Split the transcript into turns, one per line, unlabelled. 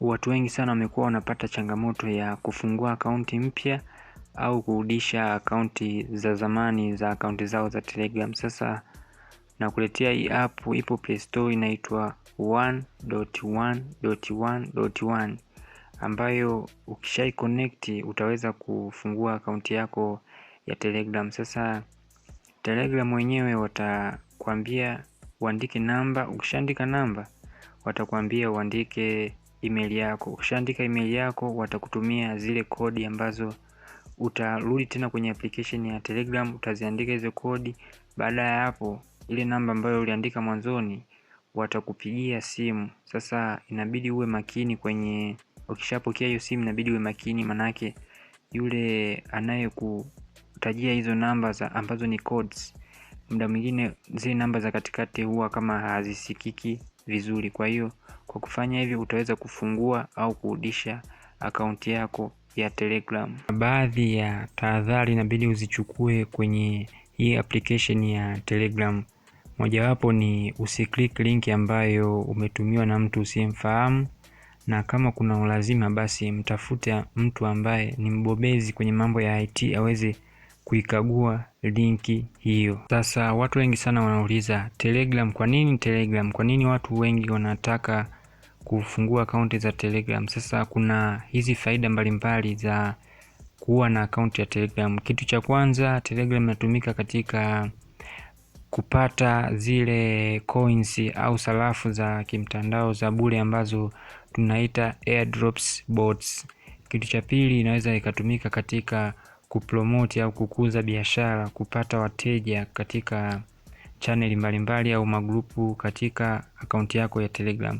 watu wengi sana wamekuwa wanapata changamoto ya kufungua akaunti mpya au kurudisha akaunti za zamani za akaunti zao za Telegram. Sasa nakuletea hii app, ipo Play Store, inaitwa 1.1.1.1 ambayo ukishai connect utaweza kufungua akaunti yako ya Telegram. Sasa Telegram wenyewe watakwambia uandike namba, ukishaandika namba watakwambia uandike email yako. Ukishaandika email yako, watakutumia zile kodi ambazo utarudi tena kwenye application ya Telegram, utaziandika hizo kodi. Baada ya hapo, ile namba ambayo uliandika mwanzoni watakupigia simu. Sasa inabidi uwe makini kwenye, ukishapokea hiyo simu inabidi uwe makini, manake yule anayekutajia hizo namba za ambazo ni codes, muda mwingine zile namba za katikati huwa kama hazisikiki vizuri. Kwa hiyo kwa kufanya hivyo utaweza kufungua au kurudisha akaunti yako ya Telegram. Baadhi ya tahadhari inabidi uzichukue kwenye hii application ya Telegram. Mojawapo ni usiklik link ambayo umetumiwa na mtu usiyemfahamu, na kama kuna ulazima basi mtafute mtu ambaye ni mbobezi kwenye mambo ya IT aweze kuikagua linki hiyo. Sasa watu wengi sana wanauliza Telegram, kwa nini Telegram? Kwa nini watu wengi wanataka kufungua akaunti za Telegram? Sasa kuna hizi faida mbalimbali za kuwa na akaunti ya Telegram. Kitu cha kwanza, Telegram inatumika katika kupata zile coins au sarafu za kimtandao za bure ambazo tunaita airdrops bots. Kitu cha pili, inaweza ikatumika katika kupromoti au kukuza biashara, kupata wateja katika chaneli mbalimbali au magrupu katika akaunti yako ya Telegram.